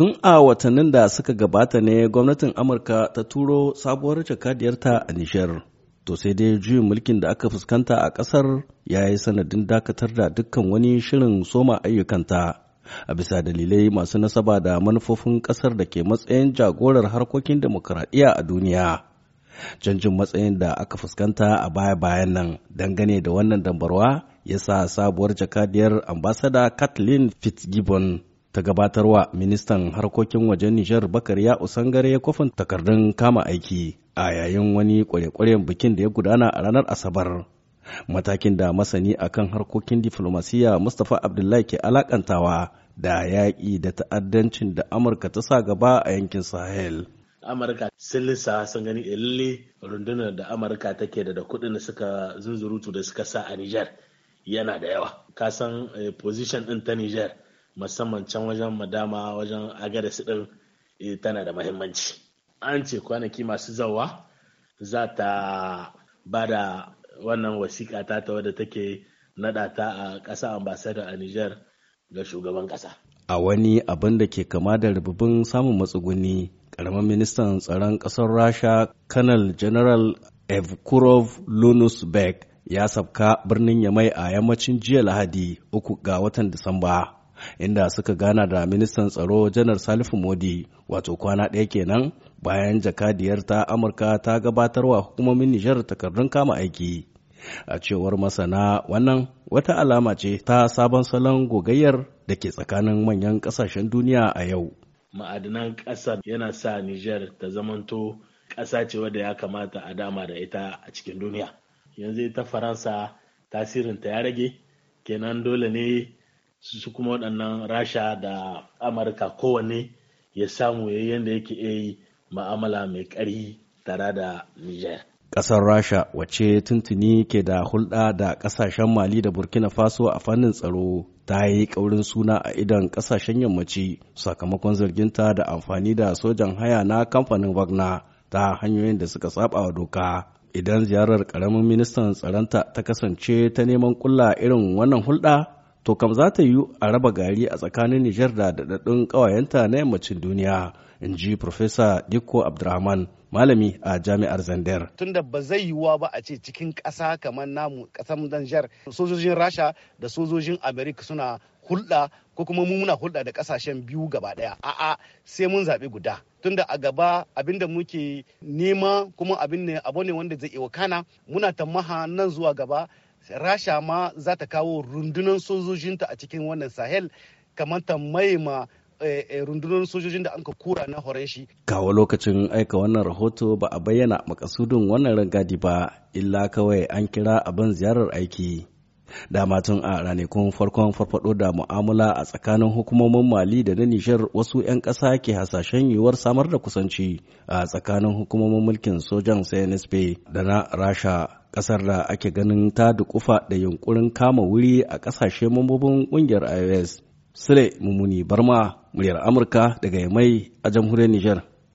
Tun a watannin da suka gabata ne gwamnatin Amurka ta turo sabuwar jakadiyarta a Nijar. To sai dai juyin mulkin da aka fuskanta a ƙasar ya yi sanadin dakatar da dukkan wani shirin soma ayyukanta. A bisa dalilai masu nasaba da manufofin ƙasar da ke matsayin jagorar harkokin demokuraɗiyya a duniya. Canjin matsayin da aka fuskanta a baya-bayan nan dangane da wannan dambarwa ya sa sabuwar jakadiyar ambasada Kathleen Fitzgibbon ta gabatarwa ministan harkokin wajen Nijar bakar ya Usangare ya kofin takardun kama aiki a yayin wani kware-kwaren bikin da ya gudana a ranar Asabar. Matakin da masani akan harkokin diflomasiyya Mustapha Abdullahi ke alakantawa da yaƙi da ta'addancin da Amurka ta sa gaba a yankin Sahel. Amurka sun lissa sun gani eh, lalle rundunar da Amurka take da kuɗin da suka zunzurutu da suka sa a Nijar yana da yawa. Kasan eh, position ɗin ta Nijar musamman can wajen madama wajen su din eh, tana da mahimmanci an ce kwanaki masu zawa za ta ba da wannan wasiƙa ta ta wadda take naɗa ta a ƙasa ambasada a Nijar ga shugaban ƙasa. A wani abin da ke kama da rububin samun matsuguni, ƙaramin ministan tsaron ƙasar Rasha, Kanal General Evkurov Lunusbek ya sabka birnin Yamai a yammacin jiya Lahadi uku ga watan Disamba. inda suka gana da ministan tsaro janar salifu modi wato kwana ɗaya kenan bayan jakadiyar ta amurka ta gabatarwa hukumomin nijar takardun kama aiki a cewar masana wannan wata alama ce ta sabon salon gogayyar da ke tsakanin manyan ƙasashen duniya a yau ma'adinan ƙasar yana sa nijar ta zamanto ƙasa ce wadda ya kamata a dama da ita a cikin duniya yanzu ta faransa tasirinta ya rage kenan dole ne su kuma waɗannan rasha da amurka kowanne ya samu yadda yake yi ma'amala mai ƙari tare da niger Ƙasar Rasha wacce tuntuni ke da hulɗa da ƙasashen Mali da Burkina Faso a fannin tsaro ta yi ƙaurin suna a idan ƙasashen yammaci sakamakon zarginta da amfani da sojan haya na kamfanin Wagner ta hanyoyin da suka saba wa doka. Idan ziyarar ƙaramin ministan tsaronta ta kasance ta neman ƙulla irin wannan hulɗa to kam za ta yiwu a raba gari a tsakanin Nijar da daɗaɗɗun ƙawayenta na yammacin duniya, in ji Profesa Dikko Abdurrahman. malami a jami'ar zandar tunda ba zai yiwuwa ba a ce cikin ƙasa kamar namu ƙasar zanjar sojojin rasha da sojojin amerika suna hulɗa ko kuma mu muna hulɗa da ƙasashen biyu gaba ɗaya a'a sai mun zaɓi guda tunda a gaba abinda muke nema kuma abin ne abu ne wanda zai iya kana muna tamaha nan zuwa gaba rasha ma za ta kawo rundunan sojojinta a cikin wannan sahel kamar ta maima eh, eh, rundunar sojojin da anka kura na horeshi. Kawo lokacin aika wannan rahoto ba a bayyana makasudin wannan rangadi ba, illa kawai an kira abin ziyarar aiki. Dama tun a ranakun farkon farfado da mu'amala a tsakanin hukumomin Mali da na Nijar wasu 'yan ƙasa ke hasashen yiwuwar samar da kusanci a tsakanin hukumomin mulkin sojan CNSP da na Rasha. kasar da ake ganin ta dukufa da yunkurin kama wuri a ƙasashe mambobin ƙungiyar IOS. Sule Mumuni Barma, muryar Amurka daga Yamai a jamhuriyar Nijar.